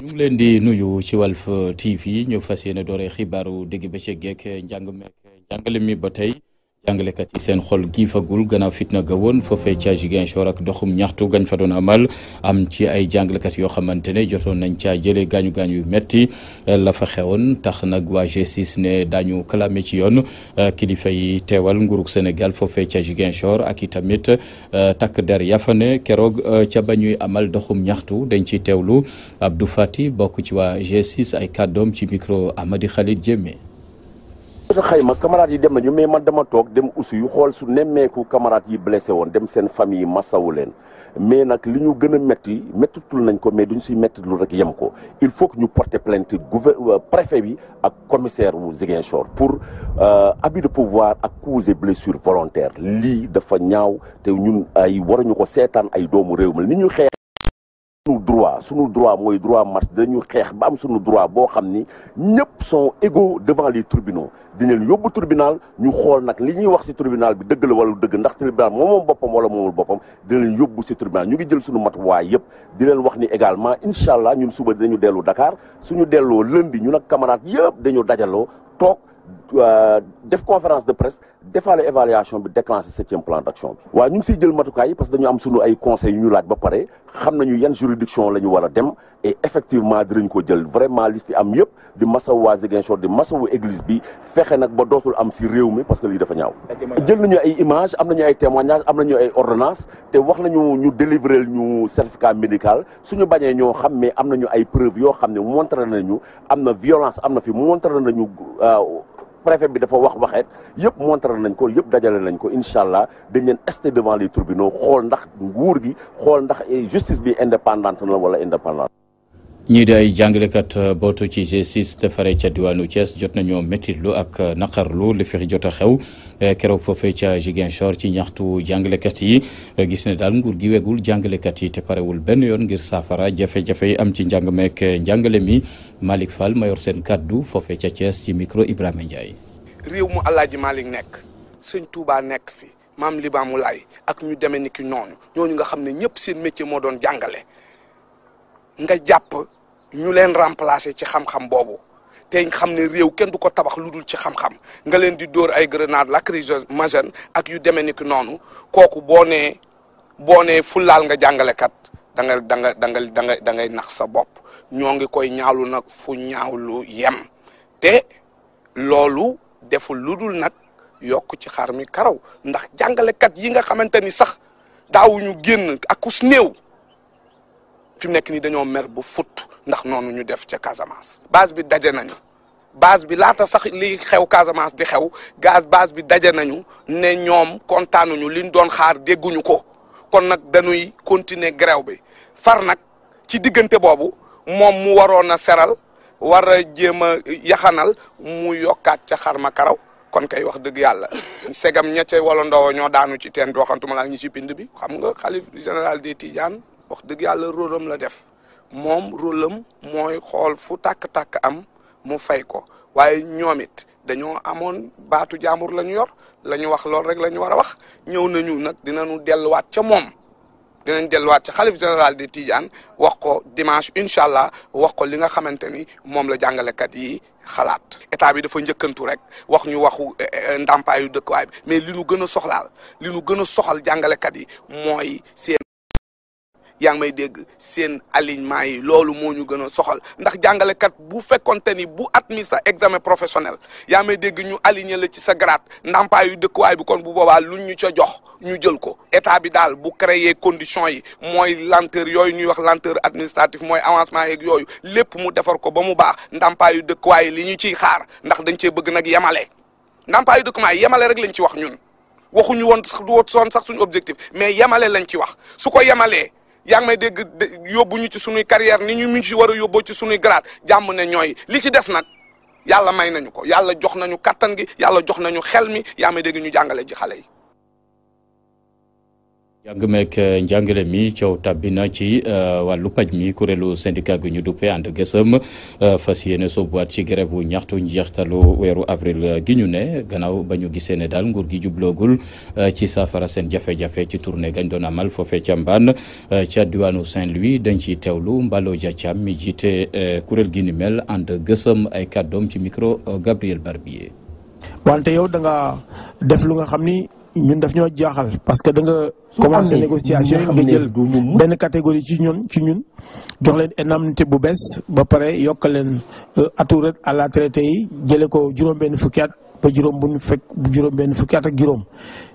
ñu ngi leen di nuyu ci Walf TV ñu fas yéene doore xibaaru digg bëccëg geek njàng meek njàngale mi ba tey. jàngalekat yi seen xol giifagul gannaaw fitna ga woon foofee ca Ziguinchor ak doxum ñaxtu gañ fa doon amal am ci ay jàngalekat yoo xamante ne jotoon nañ caa jëlee gaañu gaañu yu metti eh, la fa xewoon tax nag waa G6 ne dañu clamé ci yoon eh, kilifa yi teewal nguurug Sénégal foofee ca Ziguinchor ak i tamit eh, takk der yafane keroog ca ba ñuy amal doxum ñaxtu dañ ciy teewlu Abdou Fati bokk ci waa G6 ay kàddoom ci micro Amady Khalid Diémé sa xayma camarades yi dem nañu mais man dama toog dem aussi yu xool su nemmeeku camarades yi blessé woon dem seen famille masawu leen mais nag li ñu gën a métti méttitul nañ ko mais duñ si méttitul rek yem ko il faut que ñu porter plainte gouver euh, préfet bi ak commissaire wu Ziguinchor pour euh, abus de pouvoir ak causer blessure volontaire lii dafa ñaaw te ñun ay waruñu ko seetaan ay doomu réew mi ni ñu xeex sunu droit sunu droit mooy droit marche dañu xeex ba am sunu droit boo xam ni ñëpp sont égaux devant les tribunaux dinañ yóbbu tribunal ñu xool nag li ñuy wax si tribunal bi dëgg la wala dëgg ndax tribunal moom moom boppam wala moomul boppam dinañ yóbbu ci tribunal ñu ngi jël sunu matuwaay yëpp di leen wax ni également incha allah ñun suba dinañu dellu Dakar suñu delloo lundi ñu nag camarades yëpp dañu dajaloo toog. Euh, def conférence de presse defaale évaluation bi déclenché septième plan d' bi. waaw ñu ngi siy jël matukaay yi parce que dañu am sunu ay conseils yu ñu laaj ba pare xam nañu yan juridiction lañu ñu dem et effectivement dinañ ko jël vraiment li fi am yëpp di masawu waa Ziguinchor di masawu église bi fexe nag ba dootul am si réew mi parce que lii dafa ñaaw. jël nañu ay image am nañu ay témoignages am nañu ay ordonnances te wax nañu ñu délivrer ñu certificat médical suñu bañee ñoo xam mais am nañu ay preuves yoo xam ne montré nañu am na violence am na fi montré nañu. Euh, préfet bi dafa wax waxeet yëpp montré nañ ko yëpp dajale nañ ko incha allah dañ leen ester devant les tribunaux xool ndax nguur gi xool ndax justice bi indépendante na wala indépendante ñii de ay jàngalekat euh, bootu ci G6 te fare ca diwaanu Thiès jot nañoo métitlu ak euh, naqarlu li fi jot a xew euh, keroog foofe ca Ziguinchor ci ñaxtu jàngalekat yi gis ne daal nguur gi wegul jàngalekat yi te parewul benn yoon ngir saafara jafe-jafe am ci njàng meek jàngale mi Malick Fall ma yor seen kaddu foofe ca Thiès ci micro Ibrahima Ndiaye. réew mu Alaaji Malick nekk sëñ Touba nekk fi maam Limaamu Laay ak ñu deme ni ki noonu ñooñu nga xam ne ñëpp seen métier moo doon jàngale nga ñu leen remplacer ci xam-xam boobu te xam ne réew kenn du ko tabax lu dul ci xam-xam nga leen di dóor ay grenade lacrymogène ak yu demee ni ki noonu kooku boo nee boo nee fulaal nga jàngalekat danga nga da danga da ngay nax sa bopp ñoo ngi koy ñaawlu nag fu ñaawlu yem te loolu deful lu dul nag yokk ci xar mi karaw ndax jàngalekat yi nga xamante ni sax daawuñu génn akus néew fi mu nekk nii dañoo mer bu fut ndax noonu ñu def ca Casamance. base bi daje nañu base bi laata sax li xew Casamance di xew gaz base bi daje nañu ne ñoom kontaanuñu liñ doon xaar dégguñu ko kon nag dañuy continuer grève bi far nag ci diggante boobu moom mu waroon a seral war a jéem a yaxanal mu yokkaat ca xar ma karaw kon kay wax dëgg yàlla segam ña ca wala ndaw ñoo daanu ci teen waxantuma laa ñi ci bind bi xam nga xalif général des Tidiane wax dëgg yàlla rôle la def moom rôle am mooy xool fu tàkk-tàkk am mu fay ko waaye ñoom it dañoo amoon baatu jaambur la ñu yor la ñu wax loolu rek la ñu war a wax ñëw nañu nag dinañu delluwaat ca moom dinañ delluwaat ci xalif général de Tidiane wax ko dimanche incha allah wax ko li nga xamante ni moom la jàngalekat yi xalaat état bi dafa njëkkantu rek wax ñu waxu eh, eh, ndàmpaayu dëkkuwaay bi mais li nu gën a soxlaal li nu gën a soxal jàngalekat yi mooy seen yaa ngi may dégg seen alignement yi loolu moo ñu gën a soxal ndax jàngalekat bu fekkonte ni bu admis sa examen professionnel yaa may dégg ñu aligné la ci sa grade ndàmpaayu dëkkuwaay bi kon bu boobaa luñ ñu ca jox ñu jël ko état bi daal bu créer condition yi mooy lenteur yooyu ñuy wax lenteur administrative mooy avancement yeeg yooyu lépp mu defar ko ba mu baax ndàmpaayu dëkkuwaay yi li ñu ciy xaar ndax dañ cee bëgg nag yemale ndàmpaayu dëkkuwaay yemale rek lañ ci wax ñun waxuñu woon sax du woon sax suñu objectif mais yemale lañ ci wax su ko yemalee yaa ngi may dégg yóbbu ñu ci sunuy carrière ni ñu mun ci war a yóbboo ci sunuy grade jàmm ne ñooy li ci des nag yàlla may nañu ko yàlla jox nañu kattan gi yàlla jox nañu xel mi yaa dégg ñu jàngale ji xale yi njàng meeg eh, njàngale mi coow tàbbi na ci eh, wàllu paj mi kuréelu syndicat gu ñu duppee ànd gësëm eh, fas yéene soobuwaat ci grève bu ñaxtu njeextalu weeru avril gi ñu ne gannaaw ba ñu gisee ne daal nguur gi jubloogul ci saafara seen jafe-jafe ci tournée gañ doon amal foofee ca Mbaan ca diwaanu Saint-Louis dañ ciy teewlu Mballo ja Thiam mi jiite kuréel gi ni mel ànd gësëm ay kàddoom ci micro Gabriel Barbier. wante yow da def lu nga xam ni ñun daf ñoo jaaxal parce que da nga commencé négociation nga benn catégorie ci ñun ci ñun jox leen indemnité bu bees ba pare yokkaleen leen euh, atu à la traité yi jëlee ko juróom-benn fukki at ba juróom bu ñu fekk juróom-benn fukki at ak juróom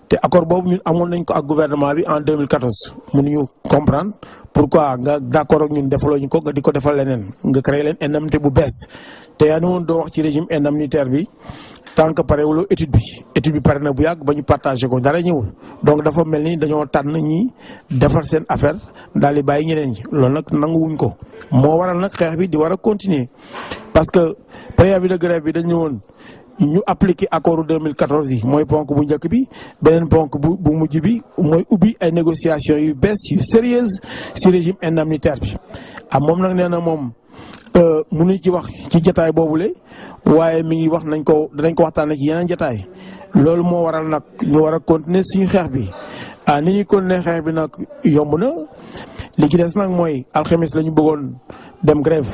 te accord boobu ñun amoon nañ ko ak gouvernement bi en mun 2014 mënuñu comprendre pourquoi nga d' ak ñun defaloo ñu ko nga di ko defal leneen nga créé leen indemnité bu bees te yaa ni woon doo wax ci régime indemnitaire bi. tant que parewul étude bi étude bi pare na bu yàgg bañu ñu partagé ko dara ñëwul donc dafa mel ni dañoo tànn ñi defar seen affaire daal di bàyyi ñeneen ñi loolu nag nanguwuñ ko moo waral nag xeex bi di war a continuer parce que préavis de grève bi dañu woon ñu deux mille 2014 yi mooy ponk bu njëkk bi beneen ponk bu bu mujj bi mooy ubbi ay négociation yu bees yu sérieuses si régime indemnitaire bi ah moom nag nee na moom euh, mënuñ ci wax ci boobu boobule waaye mi ngi wax nañ ko danañ ko waxtaanee ci yeneen jotaay loolu moo waral nag ñu war a continuer suñu xeex bi ah ni ñuy continuer xeex bi nag yomb na li ci des nag mooy alxames la ñu bëggoon dem grève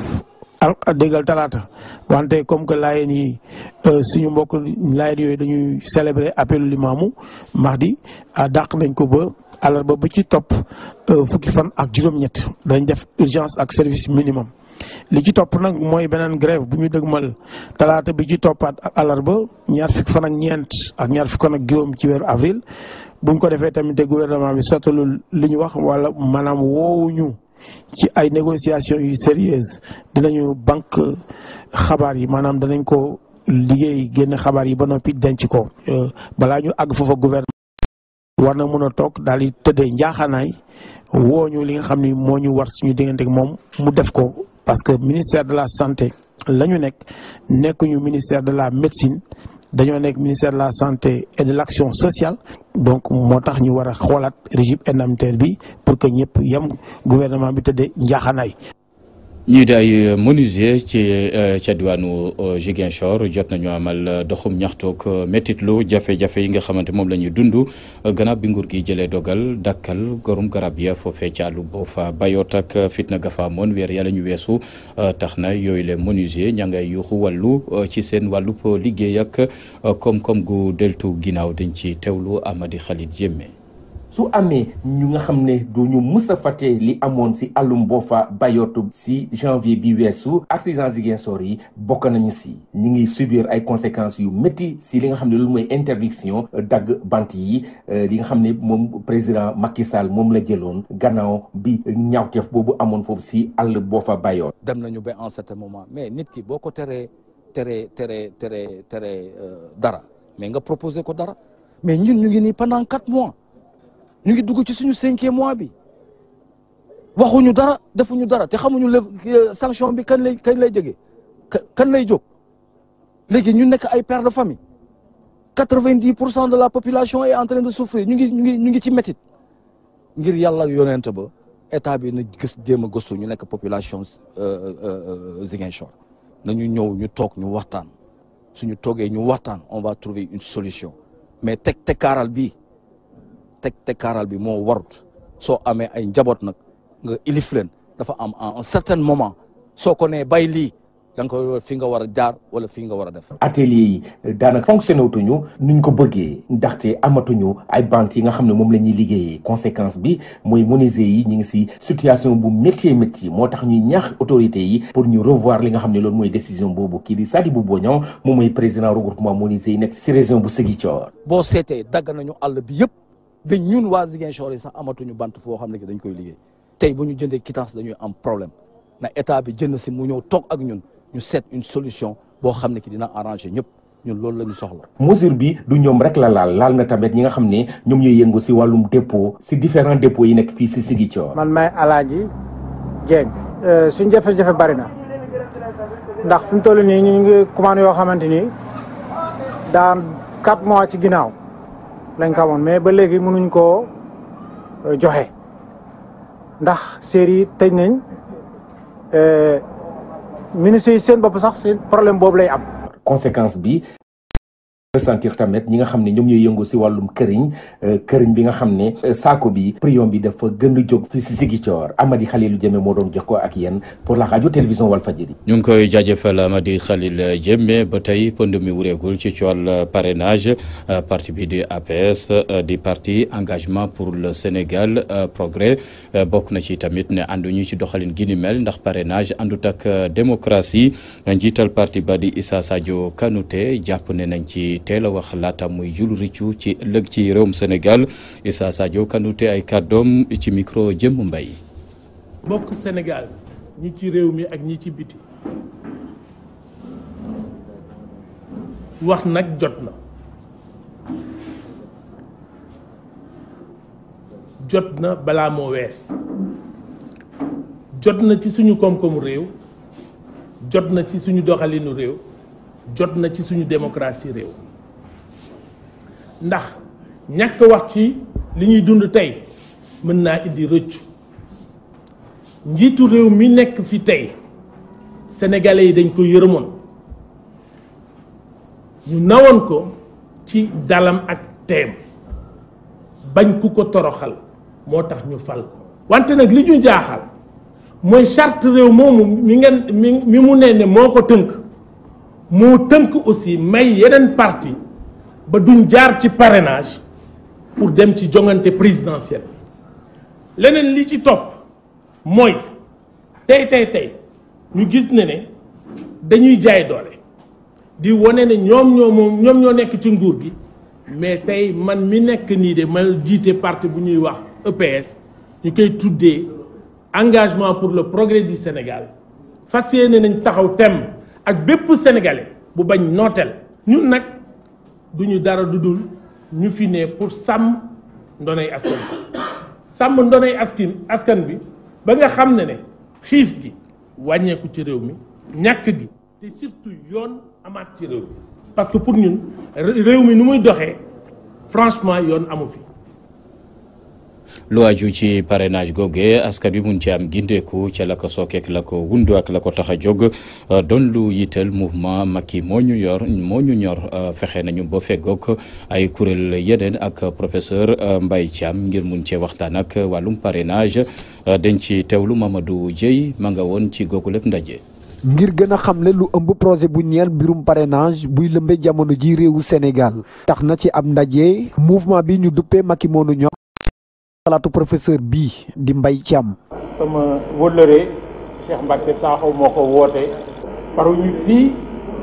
a déggal talaata wante comme que laayeen yi euh, suñu mbokk laayeen yooyu dañuy célébrer appelu limaamu mardi a ah, dàq nañ ko ba àllarba ba ci topp euh, fukki fan ak juróom-ñett dañ def urgence ak service minimum. li ci topp nag mooy beneen grève bu ñu dëgmal talaata bi ci toppaat àllarba ñaar fukk fan ak ñeent ak ñaar fukk fan ak ci weeru avril buñ ko defee tamit te bi sottalul li ñu wax wala maanaam woowuñu ci ay négociations yu sérieuses dinañu banque xabaar yi maanaam danañ ko liggéey génn xabaar yi ba noppi denc ko euh, balaa ñu àgg foofa gouvernement war na mën a toog daal di tëddee njaaxaanaay wooñu li nga xam ni moo ñu war suñu diggante moom mu def ko parce que ministère de la santé la ñu nekk nekkuñu ministère de la médecine dañoo nekk ministère de la santé et de l' sociale donc moo tax ñu war a xoolaat régime indemnitaire bi pour que ñëpp yem gouvernement bi te tëddee njaaxanaay ñu di ay menuisier ci euh, ca diwaanu euh, Ziguinchor jot nañu amal euh, doxum ñaxtoog métitlu jafe-jafe yi nga xamante moom la dund gannaaw bi nguur gi jëlee dogal dakkal gorum garab ya foofe ca àllu boofa bayoot ak fitna gafa amoon weer yàlla ñu weesu tax na yooyu les menuisier ña ngay yuuxu wàllu ci seen wàllub liggéey ak koom-koom gu deltu ginnaaw dañ ci teewlu Amady Khalid Jemme su amee ñu nga xam ne du ñu mus a fàtte li amoon si àllum Boffa Bayotte si janvier bi weesu artisan Ziguinchor yi bokk nañu si ñu ngi subir ay conséquences yu métti si li nga xam ne loolu mooy interdiction dagg bant yi euh, li nga xam ne moom président Macky Sall moom la jëloon gannaaw bi ñaaw ñaawteef boobu amoon foofu si boo fa Bayotte. dem nañu ba en certain moment mais nit ki boo ko teree teree teree teree euh, teree dara mais nga proposé ko dara mais ñun ñu ngi nii pendant ñu ngi dugg ci suñu cinquième mois bi waxuñu dara defuñu dara te xamuñu le euh, sanction bi kan lay kañ lay jógee kan lay jóg léegi ñu nekk ay pères de famille quatre-vingt-dix pour cent de la population est en de souffrir ñu ngi ñu ñu ngi ci métit ngir yàlla yonent ba état bi na gës jéem a gëstu ñu nekk population euh, euh, Ziguinchor nañu ñëw ñu toog ñu waxtaan ñu toogee ñu waxtaan on va trouver une solution mais teg tekkaaral bii teg teg kaaral bi moo warut soo amee ay njaboot nag nga ilif leen dafa am à un certain moment soo ko nee bay lii da nga ko fi nga war a jaar wala fi nga a def. atelier yi daanaka fonctionné wutuñu ñu ko bëggee ndaxte amatuñu ay banques yi nga xam ne moom la ñuy liggéeyee conséquence bi mooy menuisier yi ñu ngi si situation bu métier métier moo tax ñuy ñax autorités yi pour ñu revoir li nga xam ne loolu mooy décision boobu kii di Sadibou Bodian moom mooy président regroupement menuisier yi nekk si région bu Ziguinchor. boo seetee dagg nañu àll bi yëpp. ba ñun waa Ziguinchor yi sax amatuñu bant foo xam ne ki dañu koy liggéey tey bu ñu jëndee quittance dañuy am problème na état bi jënd si mu ñëw toog ak ñun ñu seet une solution boo xam ne ki dina arrangé ñëpp ñun loolu la ñu soxla. mesure bi du ñoom rek la laal laal na tamit ñi nga xam ne ñoom ñooy yëngu si wàllum dépôt si différents dépôts yi nekk fii si Ziguinchor. man may Alaaji Dieng. suñu euh, suñ jafe bari na ndax fi mu toll nii ñu ngi commande yoo xamante ni daan 4 mois ci ginnaaw. lañ ko amoon mais ba léegi mënuñ koo euh, joxe ndax série yi tëj nañ euh, ministres yi seen bopp sax seen problème boobu lay am. conséquence bi ressentir tamit ñi nga xam ne ñoom ñooy yëngu si wàllum këriñ euh, këriñ bi nga xam ne euh, saako bi prion bi dafa gën a jóg fi si Ziguinchor Amady Khalilou Diémé moo doon jox ko ak yéen pour la radio télévision Walfadjri ñu ngi koy jaajëfal Amady Khalil Diémé ba tey pënd mi wureegul ci coowal parrainage euh, parti bi di APS di parti engagement pour le Sénégal progrès bokk na ci tamit ne ànduñu ci doxalin gi ni ndax parrainage àndut ak démocratie njiital parti ba di Issa Sadio Kanouté jàpp ne nañ ci teel a wax laata muy jul riccu ci ëllëg ci réewum Sénégal Issa Sadio Kanouté ay kàddoom ci micro jëmm mbay mbokk Sénégal ñi ci réew mi ak ñi ci biti wax nag jot na jot na balaa moo wees jot na ci suñu koom-koomu réew jot na ci suñu doxalinu réew jot na ci suñu démocratie réew ndax ñàkk wax ci li ñuy dund tey mën naa indi rëccu njiitu réew mi nekk fi tey sénégalais yi dañ ko yërëmoon ñu nawoon ko ci dalam ak teem bañ ku ko toroxal moo tax ñu fal wante nag li ñu jaaxal mooy charte réew moomu mi ngeen mi mu nee ne moo ko tënk moo tënk aussi may yeneen parti ba duñ jaar ci parrainage pour dem ci jongante présidentielle leneen li ci topp mooy tey tey tey ñu gis ne ne dañuy jaay doole di wane na ñoom ñoo ñoom ñoo nekk ci nguur gi mais tey man mi nekk nii de ma jiite parti bu ñuy wax EPS ñu koy tuddee engagement pour le progrès du Sénégal fas yéene nañ taxaw tem ak bépp sénégalais bu bañ nooteel ñun nag. du ñu dara du dul ñu fi ne pour sàmm ndonay askan bi sàmm ndonay askan askan bi ba nga xam ne ne xiif gi wàññeeku ci réew mi ñàkk gi te surtout yoon amaat ci réew mi parce que pour ñun réew mi nu muy doxee franchement yoon amu fi lu aju ci parrainage googe askan wi mun ci am gindeeku ca la ko sookeek la ko wundu ak la ko tax a jóg uh, doon lu yitteel mouvement Macky moo ñu yor moo ñu ñor uh, fexe nañu ba feggoog ay kuréel yeneen ak professeur uh, Mbaye Thiam ngir mun cee waxtaan ak wàllum parrainage dañ ci teewlu Mamadou Dieye ma nga woon ci googu lépp ndaje. ngir gën a xamle lu ëmb projet bu ñeel mbirum parenage buy lëmbe jamono ji réewu Sénégal tax na ci am ndaje mouvement bi ñu duppee Macky moo ñu ñor xalaatu professeur bii di mbay Thiam. sama wóllëre Cheikh Mbacke Sakho moo ko woote. faruñu fii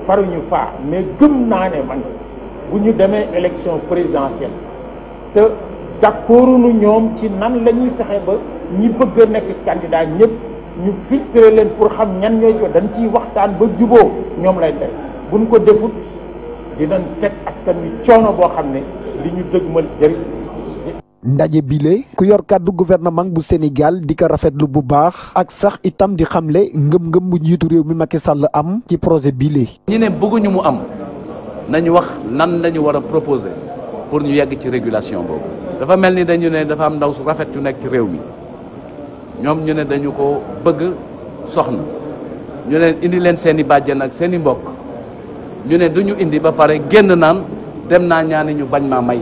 faruñu faa mais gëm naa ne man bu ñu demee élection présidentielle te d'accorduñu ñoom ci nan la ñuy fexe ba ñi bëgg a nekk candidat ñëpp ñu filtré leen pour xam ñan ñooy ko dañ ciy waxtaan ba juboo ñoom lay def buñ ko defut dina teg askan wi coono boo xam ne li ñu dëgmal jëriñ. ndaje bile ku yor kàddu gouvernement bu Sénégal di ko rafetlu bu baax ak sax itam di xamle ngëm-ngëm bu njiitu réew mi Macky Sall am ci projet bile. ñi ne bëgguñu mu am nañu wax nan lañu ñu war a proposer pour ñu yegg ci régulation boobu dafa mel ni dañu ne dafa am ndaw su rafet yu nekk ci réew mi ñoom ñu ne dañu ko bëgg soxna ñu ne indi leen seen i bàjjen ak seen i mbokk ñu ne du indi ba pare génn naan dem naa ñaani ñu bañ maa may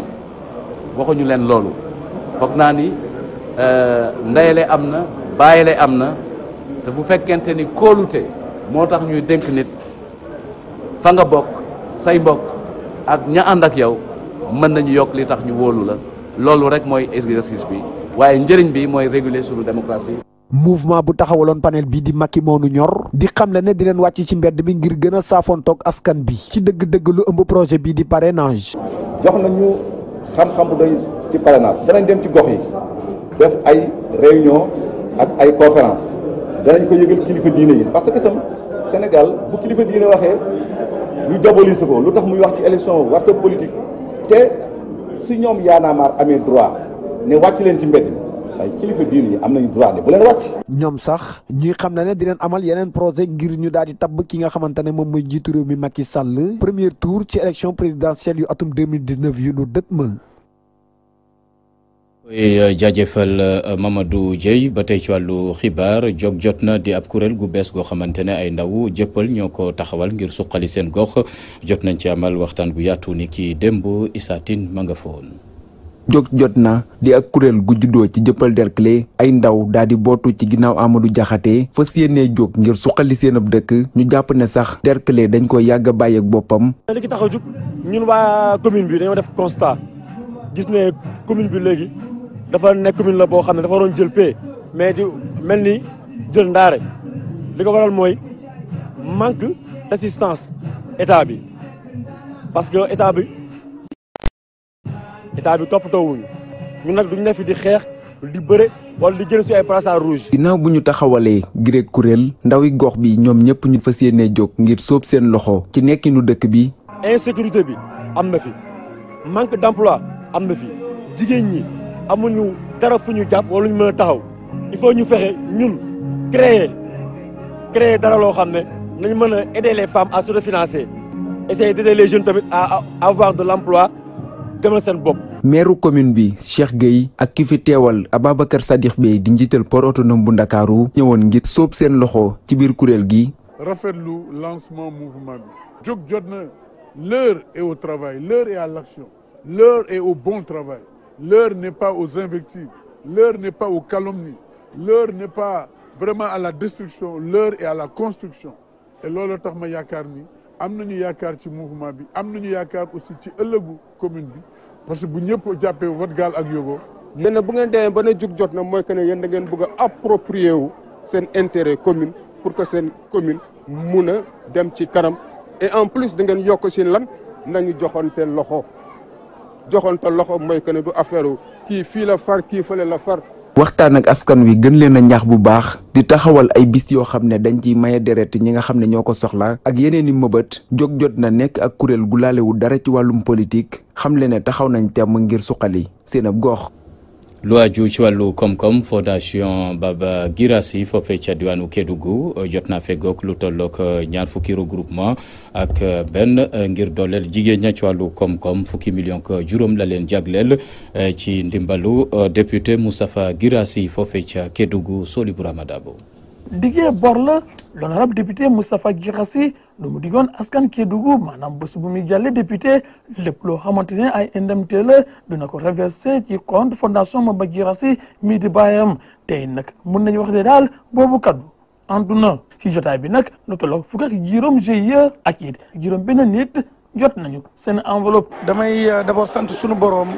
waxuñu leen loolu. foog naa ni euh, ndeyale am na bàyyile am na te bu fekkente ni kóolute moo tax ñuy dénk nit fa nga bokk say mbokk ak ña ànd ak yow mën nañu yokk li tax ñu wóolu la loolu rek mooy exercice bi waaye njëriñ bi mooy réguler suñu démocratie. mouvement bu taxawaloon panel bii di moo moonu ñor di xamle ne di leen wàcc ci mbedd bi ngir gën a saafoontoog askan bi ci dëgg-dëgg lu ëmb projet bii di parrainage. jox nañu xam-xam bu doy ci parrainage danañ dem ci gox yi def ay réunion ak ay conférence danañ ko yëgal kilifa diine yi parce que tam Sénégal bu kilifa diine waxee ñu jabolise ko lu tax muy wax ci élection warte politique te si ñoom yaanaamaar amee droit ne wàcc leen ci mbedd mi ay kilifa diine yi am nañu droit ne bu leen wàcc. ñoom sax ñuy xam ne ne dinañ amal yeneen projet ngir ñu daal di tabb ki nga xamante ne moom mooy njiitu réew mi Macky Sall. premier tour ci élection présidentielle yu atum 2019 yu nu dëtmal. Euh, jaajëfal euh, mamadu Dieye ba tey ci wàllu xibaar jog jot na di ab kuréel gu bees goo xamante ne ay ndaw jëppal ñoo ko taxawal ngir suqali seen gox jot nañ ci amal waxtaan gu yaatu ni ki démb Issa ma nga fa woon jóg jot na di ak kuréel gu juddoo ci jëppal derkle ay ndaw daal di bootu ci ginnaaw Amadou fa fas yéenee jóg ngir suqali seen ab dëkk ñu jàpp ne sax derkle dañ koy yàgg bàyyi ak boppam. li ki tax ñun waa commune bi dañoo def constat gis ne commune bi léegi dafa nekk la boo xam ne dafa waroon jël paie mais di mel ni jël ndaare li ko waral mooy manque d' assistance état bi parce que état bi. état bi toppatoo wuñu ñun nag duñ ne fi di xeex di bëre wala di jël si ay brassard rouge. ginnaaw bu ñu taxawalee grek kuréel ndawi gox bi ñoom ñëpp ñu fas yéenee jóg ngir sóob seen loxo ci nekkinu dëkk bi. insécurité bi am na fi manque d'emploi am na fi jigéen ñi amuñu dara fu ñu jàpp wala ñu mën a taxaw il faut ñu fexe ñun créer créer dara loo xam ne nañ mën a aider les femmes à se refinancer essayer d'aider les jeunes tamit à avoir de l'emploi demal seen bopp. meeru commune bi Cheikh Gueye ak ki fi teewal Ababacar Sadikh Bèye di njiital port autonome bu Ndakaaru ñëwoon ngir sóob seen loxo ci biir kuréel gi. lu lancement mouvement bi jóg jot na l'heure est au travail l'heure est à l'action l'heure est au bon travail l'heure n'est pas aux invectives l'heure n'est pas aux calomnies l'heure n'est pas vraiment à la destruction l'heure est à la construction te loolu tax ma yaakaar ni am nañu yaakaar ci mouvement bi am nañu yaakaar aussi ci ëllëgu commune bi parce que bu ñëpp jàppee wat gaal ak yóbbu. ñu ne bu ngeen demee ba ne jug jot na mooy que ne yéen da ngeen bëgg a approprier wu seen intéret commune pour que seen commune mun a dem ci kanam et en plus da ngeen yokk si lan nañu joxante loxo joxante loxo mooy que ne du affaire kii fii la far kii fële la far. waxtaan ak askan wi gën leen a ñaax bu baax di taxawal ay bis yoo xam ne dañ ciy maye deret ñi nga xam ne ñoo ko soxla ak yeneen i mëbët jog jot na nekk ak kuréel gu laalewu dara ci wàllum politique xam le ne taxaw nañ temm ngir suqali seen ab gox lu aju ci wàllu koom-koom fondation Baba Girassi foofee ca diwaanu Kédougou jot naa feggoog lu tollook euh, ñaar fukki regroupement ak euh, benn euh, ngir dooleel jigéen ña ci wàllu koom-koom fukki million ak juróom la leen jagleel ci ndimbalu député Moustapha Girassi foofee ca Kédougou Solibou Ramadabo diggee bor la l'honorable député Moustapha Guirassy lu mu diggoon askan Kédougou maanaam bés bu muy jàlle député lépp loo xamante ne ay indemnité la dina ko reversé ci compte fondation ma Maba Guirassy mii di bàyyam tey nag mun nañu wax de daal boobu kaddu antu na ci jotaay bi nag lu tolloog fukk ak juróom GIE ak it juróom benn nit jot nañu seen enveloppe damay euh, d'abord sant suñu boroom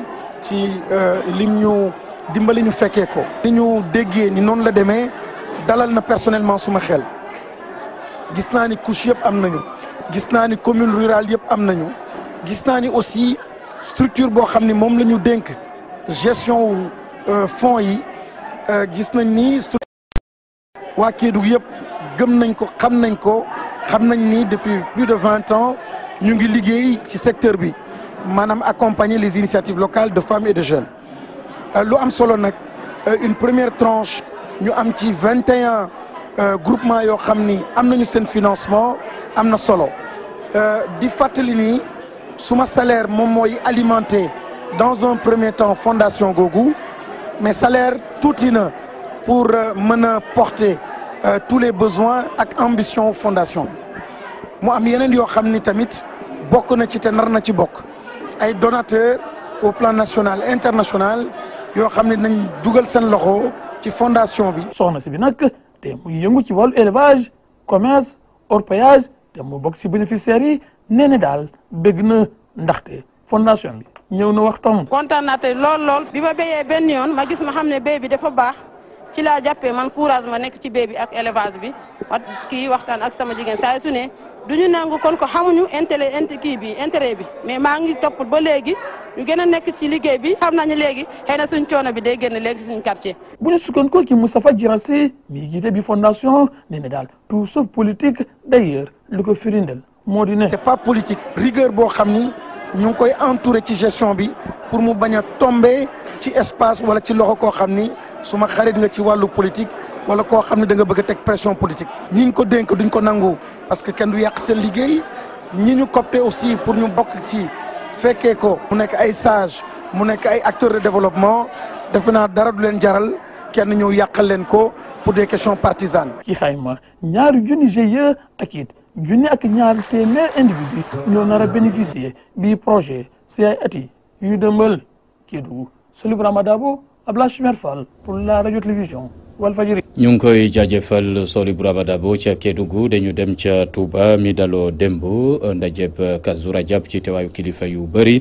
ci euh, lim ñu dimbali ñu fekkee ko ni ñu déggee ni noonu la demee dalal na personnellement suma xel gis naa ni couche yëpp am nañu gis naa ni commune rurale yëpp am nañu gis naa ni aussi structure boo xam ni moom la ñu dénk gestion euh, fonds yi euh, gis nañ ni waa Kédougou yëpp gëm nañ ko xam nañ ko xam nañ ni depuis plus de vingt ans ñu ngi liggéey ci secteur bi maanaam accompagner les initiatives locales de femmes et de jeunes euh, lu am solo nag une première tranche ñu am ci vingt et un euh, groupement yoo xam ni am nañu seen financement am na solo euh, di fàttali ni suma salaire moom mooy alimenté dans un premier temps fondation googu mais salaire tuuti na pour euh, mën a porter tous les besoins ak ambition fondation mu am yeneen yoo xam ni tamit bokk na ci te nar na ci bokk ay donateurs au plan national international yoo xam ne nañ dugal seen loxo ci fondation bi. soxna si bi nag te muy yëngu ci wàllu élevage commerce orpaillage te mu bokk si bénéficiaires yi nee na daal bëgg na ndaxte fondation bi ñëw na waxtaan. kontaan naa tey lool lool. bi ma béyee benn yoon ma gis ma xam ne béy bi dafa baax ci laa jàppe man courage ma nekk ci béy bi ak élevage bi wax kii waxtaan ak sama jigéen saa su ne du ñu nangu kon ko xamuñu intérêt kii bi intérêt bi mais maa ngi topp ba léegi. ñu gën a nekk ci liggéey bi xam nañu léegi xëy na suñ coono bi day génn léegi suñ quartier bu ñu sukkandikoo ci Moustapha Guirassy mi jiite bi fondation nee na daal tout sauf politique d'ailleurs lu ko firindel moo di ne c'est pas politique rigueur boo xam ni ñu ngi koy entouré ci gestion bi pour mu bañ a tombé ci espace wala ci loxo koo xam ni suma xarit nga ci wàllu politique wala koo xam ne da nga bëgg a teg pression politique ñi ñu ko dénk duñ ko nangu parce que kenn du yàq seen liggéey ñi ñu copté aussi pour ñu bokk ci fekkee ko mu nekk ay sage mu nekk ay acteurs de développement defe naa dara du leen jaral kenn ñëw yàqal leen ko pour des questions partisanes. ci xayma ñaari junni GIE ak it junni ak ñaari téeméer individu ñoo nar a bénéficier bii projet si ay e ati yu dëmbal Kédougou Solib Ramadabo Ablaye Chimère Fall pour la radio télévision. Walfadjri ñu ngi koy jaajëfal Soulibou Ramadabo ca Kédougou dañu dem ca Touba mi daloo démb ndajeb Kazu Rajab ci teewaayu kilifa yu bëri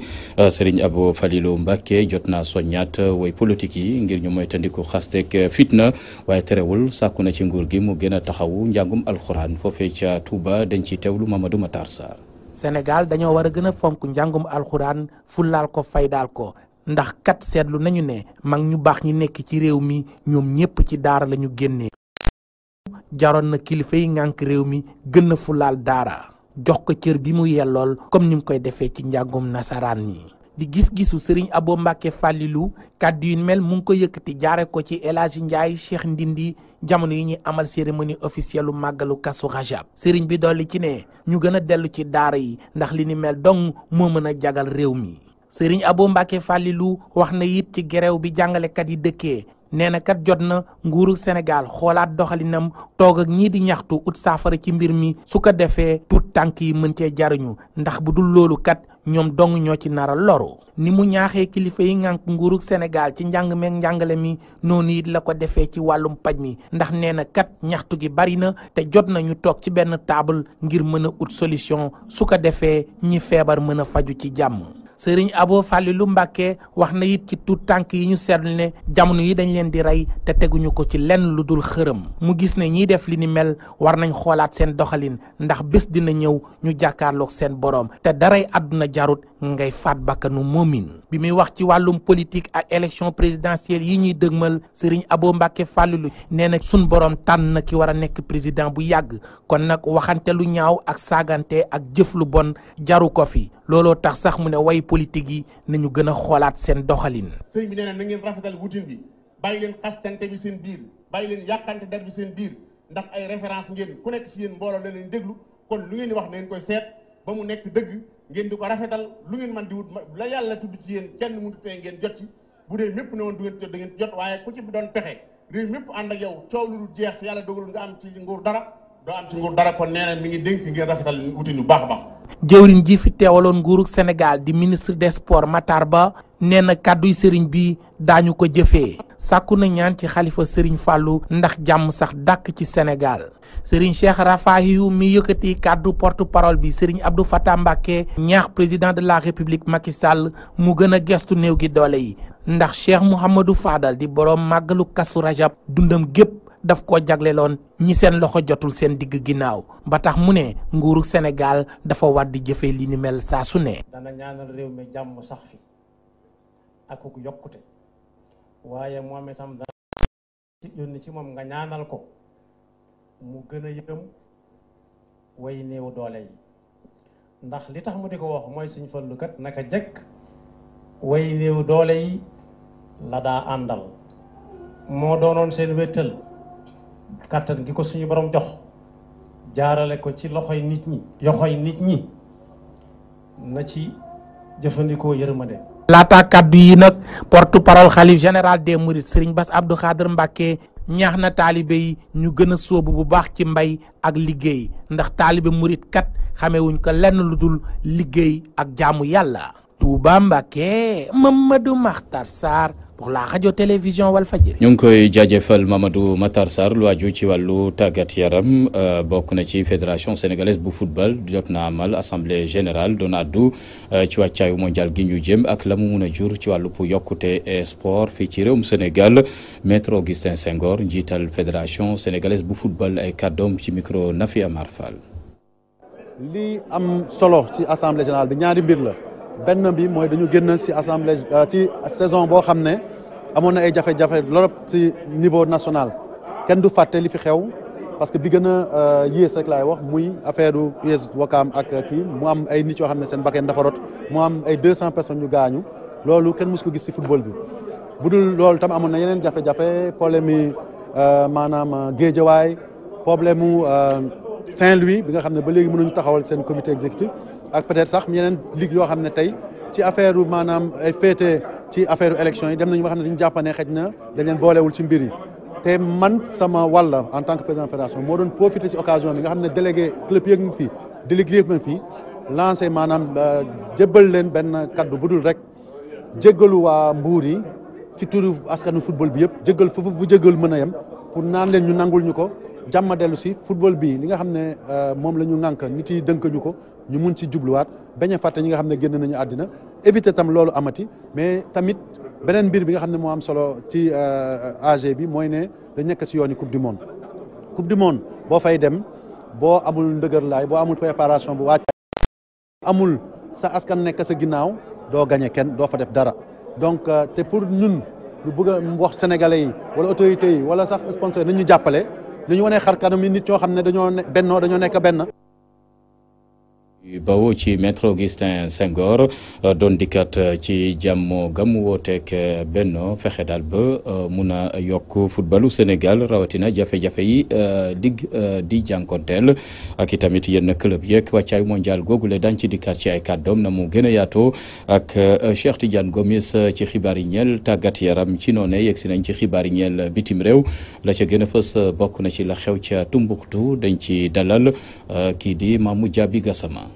Serigne Abo Falilou mbake jot naa soññaat way politique yi ngir ñu moytandiku xastek fitna waaye terewul sàkku na ci nguur gi mu gën a taxawu njàngum alxuraan foofe ca Touba dañ ci teewlu Mamadou Matar Sarr Sénégal dañoo a gën a fonk njàngum alxuraan fullaal ko faydaal ko ndax kat seetlu nañu ne mag ñu baax ñi nekk ci réew mi ñoom ñépp ci daara lañu génnee jaroon na kilifa yi ngànk réew mi gën a fulaal daara jox ko cër bi mu yellool comme ni mu koy defee ci njàngum nasaraan mi di gis-gisu sëriñ Abo Mbàkke Fàllilu kàddu yu mel mu ngi ko yëkkati jaare ko ci El Hadji Ndiaye Cheikh Ndindi jamono yi ñuy amal cérémonie officielle lu màggalu Kazu Rajab sëriñ bi dolli ci ne ñu gën a dellu ci daara yi ndax li ni mel dong moo mën a jagal réew mi sëriñ Abo Mbacke fàllilu wax na it ci gereew bi jàngalekat yi dëkkee nee na kat jot na nguuru Sénégal xoolaat doxalinam toog ak ñii di ñaxtu ut saafara ci mbir mi su ko defee tuut tànk yi mën cee jariñu ndax bu dul loolu kat ñoom dong ñoo ci nara loru ni mu ñaaxee kilifa yi ngànk nguurug Sénégal ci njàng meeg njàngale mi noonu it la ko defee ci wàllum paj mi ndax nee na kat ñaxtu gi bari na te jot na ñu toog ci benn taabal ngir mën a ut solution su ko defee ñi feebar mën a faju ci jàmm sëriñ Abo Fàllilu Mbàkke wax na it ci tuut tànk yi ñu seetlu ne jamono yi dañ leen di rey te teguñu ko ci lenn lu dul xërëm mu gis ne ñiy def li ni mel war nañ xoolaat seen doxalin ndax bés dina ñëw ñu jàkkaarloog seen boroom te daray àdduna jarut ngay faat bakkanu moomin bi muy wax ci wàllum politique ak élection présidentielle yi ñuy dëgmal sëriñ Abo Mbàkke Fàllilu nee na sun boroom tànn na ki war a nekk président bu yàgg kon nag waxante lu ñaaw ak saagante ak jëf bon jaru ko fi looloo tax sax mu ne way politique yi nañu gën a xoolaat seen doxalin. sëñ bi nee na ngeen rafetal wutin bi bàyyi leen xastante bi seen biir bàyyi leen yàqante der bi seen biir ndax ay référence ngeen ku nekk ci yéen mbooloo la leen déglu kon lu ngeen di wax na ngeen koy seet ba mu nekk dëgg ngeen di ko rafetal lu ngeen man di wut la yàlla tudd ci yéen kenn mënut tee ngeen jot ci bu dee mépp ne woon du jot da ngeen jot waaye ku ci doon pexe réew mépp ànd ak yow coow jeex yàlla dogalul nga am ci nguur dara doo am ci nguur dara kon jëwriñ ji fi teewaloon nguurug Sénégal di ministre des sports Matar Ba nee na kàdduy sëriñ bi daañu ko jëfee sàkku na ñaan ci xalifa sëriñ Fallou ndax jàmm sax dàkk ci Sénégal sëriñ Cheikh Rafahiyu mi yëkkati kàddu porte parole bi sëriñ Abdou Fatah Mbacké ñaax président de la république Macky Sall mu gën a gestu néew gi doole yi ndax Cheikh Mouhamadou Fadal di borom màggalu kasu rajab dundam gépp daf koo jagleloon ñi seen loxo jotul seen digg ginnaaw ba tax mu ne nguuru senegal dafa war di jëfee li ni mel saa su ne. dana ñaanal réew mi jàmm sax fi ak ku yokkute waaye moom itam dana yónni ci moom nga ñaanal ko mu gën a yërëm way néew doole yi ndax li tax mu di ko wax mooy suñ fallukat naka jëkk way néew doole yi la daa àndal moo doonoon seen wéttal kattan gi ko suñu borom jox jaarale ko ci loxoy nit ñi yoxoy nit ñi na ci jëfandikoo yërmande laata kàddu yi nag porte parole xalif général de mourides sëriñ Bass Abdou Khadre Mbacké ñaax na taalibe yi ñu gën a sóobu bu baax ci mbay ak liggéey ndax taalibe murit kat xamewuñ ko lenn lu dul liggéey ak jaamu yàlla Touba Mbacké Mamadou Makhtar Sarr pour la radio télévision Walfadjri. ñu ngi koy jaajëfal Mamadou Matar Sarr lu ci wàllu tàggat yaram euh, bokk na ci fédération sénégalaise bu football jot na amal assemblée générale doon addu euh, ci wàccaayu mondial gi ñu jëm ak la mu mun a jur ci wàllu pour yokkute sport fii ci réewum Sénégal maître Augustin Senghor njiital fédération sénégalaise bu football ay kàddoom ci micro Nafi Amar am solo ci assemblée générale bi ñaari mbir benn bi mooy dañu génn si assemblée euh, ci saison boo xam ne amoon na ay jafe-jafe lorop ci niveau national kenn du fàtte li fi xew parce que bi gën a euh, yées rek laay wax muy affaire US Wakaam ak kii mu am ay nit yoo xam ne seen bakkan dafa rot mu am ay deux cent personnes yu gaañu loolu kenn mus ko gis si football bi bu dul loolu tam amoon na yeneen jafe-jafe problème yi euh, maanaam Géejawaay problème mu Saint-Louis bi nga xam ne ba léegi mënuñu taxawal seen comité exécutif ak peut-être sax ñeneen ligue yoo xam ne tey ci affaire maanaam ay féete ci affaire élection yi dem nañu ba xam ne dañu jàpp ne xëj na dañ leen boolewul ci mbir yi te man sama wàlla en tant que président fédération moo doon profité si occasion bi nga xam ne délégué club yëg fii délégué yëg fii lancé maanaam euh, jébbal leen benn kaddu bu dul rek jéggalu waa yi ci turu askanu football bi yëpp jéggal foofu bu jéggal mën a yem pour naan leen ñu nangul ko jàmm dellu si football bi li nga xam ne euh, moom la ñu ŋànk nit yi dënk ko ñu mun ci jubluwaat bañ a fàtte ñi nga xam ne génn nañu àddina éviter tam loolu amati mais tamit beneen mbir bi nga xam ne moo am solo ci euh, AG bi mooy ne dañ nekk si yoon yi coupe du monde coupe du monde boo fay dem boo amul ndëgër laay boo amul préparation bu wàcc amul sa askan nekk sa ginnaaw doo gañe kenn doo fa def dara donc euh, te pour ñun lu bëgg a wax sénégalais yi wala autorités yi wala sax sponsor nañ ñu jàppale nañu wane xar kanam yi nit ñoo xam ne dañoo bennoo dañoo nekk benn bawoo ci maître Augustin sengor euh, doon dikkat euh, ci jàmmoo gamu wooteek euh, benno fexe daal ba mun a yokk footballu Sénégal rawatina jafe-jafe yi ligue di jànkonteel ak i tamit yenn club yeeg wàccaay mondial googule dañ ci dikkat ci ay kàddoom na mu gën a yaatoo ak Cheikh Tidiane Gomis ci xibaar yi ñeel tàggat yaram ci noonu yegg si nañ ci xibaar yi ñeel bitim réew la ca gën a fës bokk na ci la xew ca Tumbuktu dañ ci dalal kii di Mamou Diaby Gassama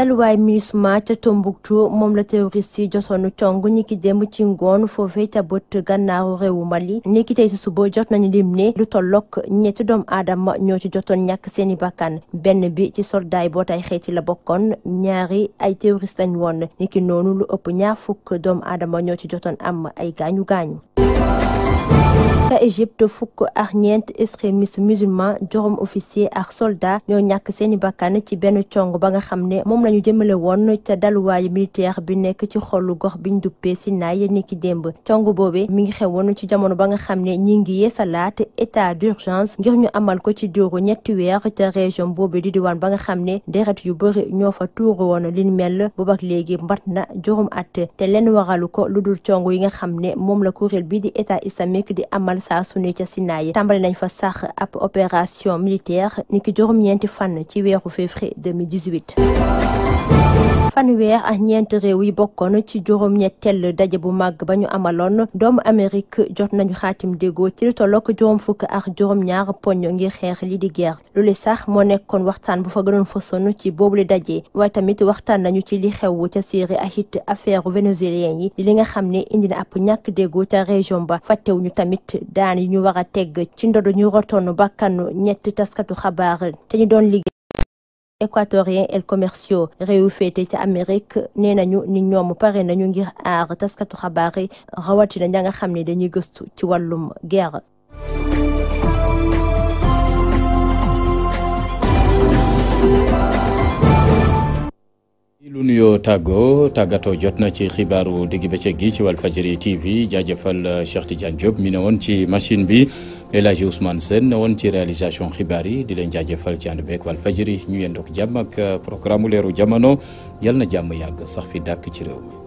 dalwaay MINUSMA ca Tombouctou moom la terroriste yi jotoonu cong ñi ki démb ci ngoon foofee ca bët gànnaaru réewu Mali ni ki tey suba jot nañu lim ne lu tolloog ñetti doomu aadama ñoo ci jotoon ñakk seeni bakkan benn bi ci soldaay bootaay xeeti la bokkoon ñaari ay terroriste lañ woon ni ki noonu lu ëpp ñaar fukk doomu aadama ñoo ci jotoon am ay gaañu gaañu ca Égypte fukk ak ñeent extrémiste musulman juróom officier ak solda ñoo ñàkk seeni bakkan ci benn cong ba nga xam ne moom la ñu jëmale woon ca daluwaayu militaire bi nekk ci xolu gox biñ duppee Sinaay niki démb cong boobee mi ngi xewoon ci jamono ba nga xam ne ñi ngi yeesalaat état d'urgence ngir ñu amal ko ci diiru ñetti weer ca région boobu di diwaan ba nga xam ne deret yu bëri ñoo fa tuuru woon li ñu mel boobak léegi mbat na juróom at te leen waralu ko lu dul cong yi nga xam ne moom la kuréel bi di état islamique di amal ñaan saa su ne ca Sinaay tàmbali nañ fa sax ab opération militaire niki juróom-ñeenti fan ci weeru février 2018 fanweer ak ñeent réew yi bokkoon ci juróom-ñetteel daje bu màgg ba ñu amaloon doomu Amérique jot nañu xaatim déggoo ci lu tollook juróom fukk ak juróom-ñaar poñ ngir xeex li di guerre loolu sax moo nekkoon waxtaan bu fa gënoon fësoon ci boobu li daje waaye tamit waxtaan nañu ci li xew ca Syrie ak it affaire vénézuélien yi li nga xam ne indi daan yi ñu war a teg ci ndodu ñu rotoon bakkanu ñetti taskatu xabaar te ñu doon liggéey équatorien el commerciaux réew féete ca Amérique nee nañu ni ñoom pare na nañu ngir aar taskatu xabaar yi rawatina ña nga xam ne dañuy gëstu ci wàllum guerre lu nuyoo tàggoo tàggatoo jot na ci xibaaru digg bëccëg gi ci Walfadjri TV jaajëfal euh, Cheikh Tidiane Diop mi ne woon ci machine bi El Hadji Ousmane Sène ne woon ci réalisation xibaar yi di leen jaajëfal ci ànd beeg Walfadjri ñu yendook jàmm ak euh, programme leeru jamono yal na jàmm yàgg sax fi dàkk ci réew